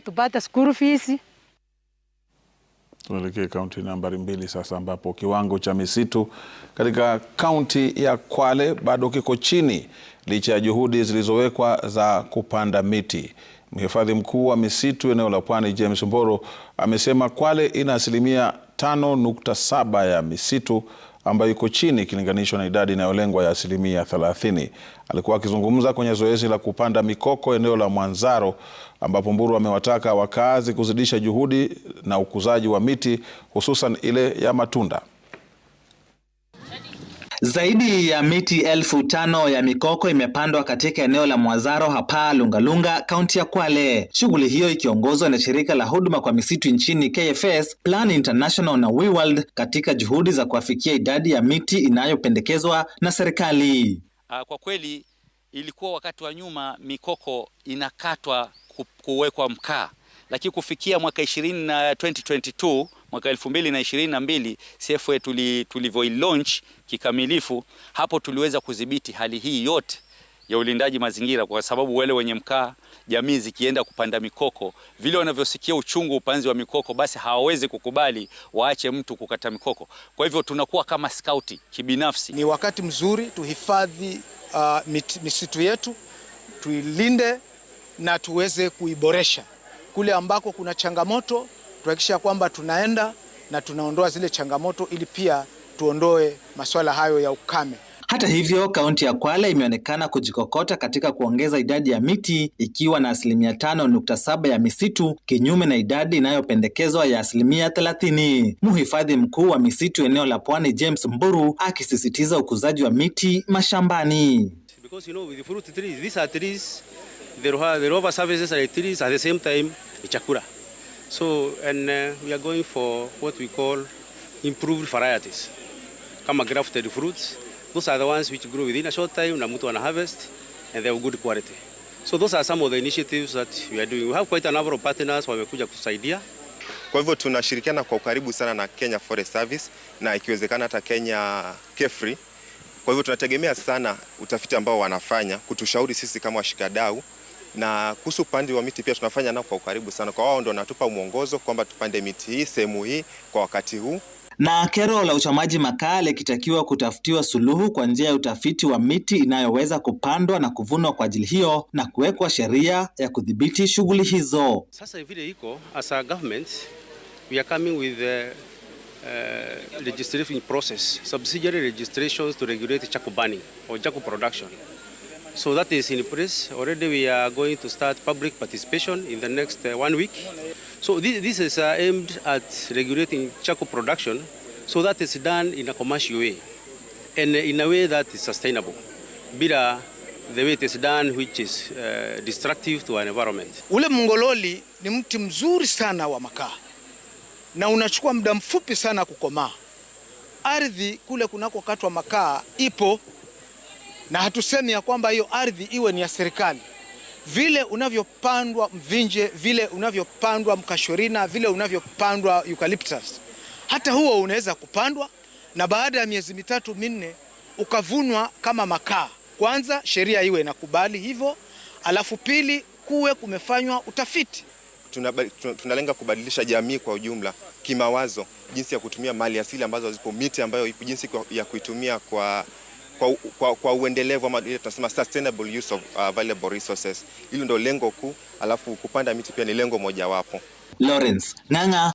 tupate school fees. Tuelekee kaunti nambari mbili sasa ambapo kiwango cha misitu katika kaunti ya Kwale bado kiko chini licha ya juhudi zilizowekwa za kupanda miti. Mhifadhi mkuu wa misitu eneo la Pwani James Mboro amesema Kwale ina asilimia 5.7 ya misitu ambayo iko chini ikilinganishwa na idadi inayolengwa ya asilimia 30. Alikuwa akizungumza kwenye zoezi la kupanda mikoko eneo la Mwanzaro, ambapo Mburu amewataka wakazi kuzidisha juhudi na ukuzaji wa miti hususan ile ya matunda. Zaidi ya miti elfu tano ya mikoko imepandwa katika eneo la Mwazaro hapa Lungalunga, kaunti ya Kwale. Shughuli hiyo ikiongozwa na shirika la huduma kwa misitu nchini KFS, Plan International na WeWorld katika juhudi za kuafikia idadi ya miti inayopendekezwa na serikali. Ah, kwa kweli ilikuwa wakati wa nyuma mikoko inakatwa kuwekwa mkaa, lakini kufikia mwaka 20 na 2022 mwaka mbili CFA tulivyoilaunch tuli kikamilifu, hapo tuliweza kudhibiti hali hii yote ya ulindaji mazingira, kwa sababu wale wenye mkaa, jamii zikienda kupanda mikoko, vile wanavyosikia uchungu upanzi wa mikoko, basi hawawezi kukubali waache mtu kukata mikoko. Kwa hivyo tunakuwa kama skauti kibinafsi. Ni wakati mzuri tuhifadhi uh, misitu yetu, tuilinde na tuweze kuiboresha kule ambako kuna changamoto kuhakikisha kwamba tunaenda na tunaondoa zile changamoto ili pia tuondoe masuala hayo ya ukame. Hata hivyo, kaunti ya Kwale imeonekana kujikokota katika kuongeza idadi ya miti ikiwa na asilimia tano nukta saba ya misitu kinyume na idadi inayopendekezwa ya asilimia thelathini. Mhifadhi mkuu wa misitu eneo la Pwani James Mburu akisisitiza ukuzaji wa miti mashambani. Chakula So, and uh, we are going for what we call improved varieties kama grafted fruits. Those are the ones which grow within a short time na mtu ana harvest and they are good quality. So those are some of the initiatives that we are doing. We have quite a number of partners wamekuja kusaidia. Kwa hivyo tunashirikiana kwa ukaribu sana na Kenya Forest Service na ikiwezekana hata Kenya KEFRI. Kwa hivyo tunategemea sana utafiti ambao wanafanya kutushauri sisi kama washikadau na kuhusu upande wa miti pia tunafanya nao kwa ukaribu sana, kwa wao ndio wanatupa mwongozo kwamba tupande miti hii sehemu hii kwa wakati huu. Na kero la uchomaji makaa likitakiwa kutafutiwa suluhu kwa njia ya utafiti wa miti inayoweza kupandwa na kuvunwa kwa ajili hiyo na kuwekwa sheria ya kudhibiti shughuli hizo. Sasa vile iko as a government we are coming with the uh, legislative uh, process subsidiary registrations to regulate charcoal burning or charcoal production So that is in place. Already we are going to start public participation in the next uh, one week. So this, this is uh, aimed at regulating charcoal production so that it's done in a commercial way and in a way that is sustainable. Bila the way it is done which is uh, destructive to our environment. Ule mngololi ni mti mzuri sana wa makaa na unachukua muda mfupi sana kukomaa. Ardhi kule kunakokatwa makaa ipo na hatusemi ya kwamba hiyo ardhi iwe ni ya serikali. Vile unavyopandwa mvinje, vile unavyopandwa mkashorina, vile unavyopandwa eucalyptus, hata huo unaweza kupandwa na baada ya miezi mitatu minne ukavunwa kama makaa. Kwanza sheria iwe inakubali hivyo, alafu pili kuwe kumefanywa utafiti. Tunalenga tuna kubadilisha jamii kwa ujumla kimawazo, jinsi ya kutumia mali asili ambazo zipo, miti ambayo ipo, jinsi ya kuitumia kwa kwa, kwa, kwa uendelevu ama ile tunasema sustainable use of available uh, resources. Hilo ndio lengo kuu, alafu kupanda miti pia ni lengo mojawapo. Lawrence Nanga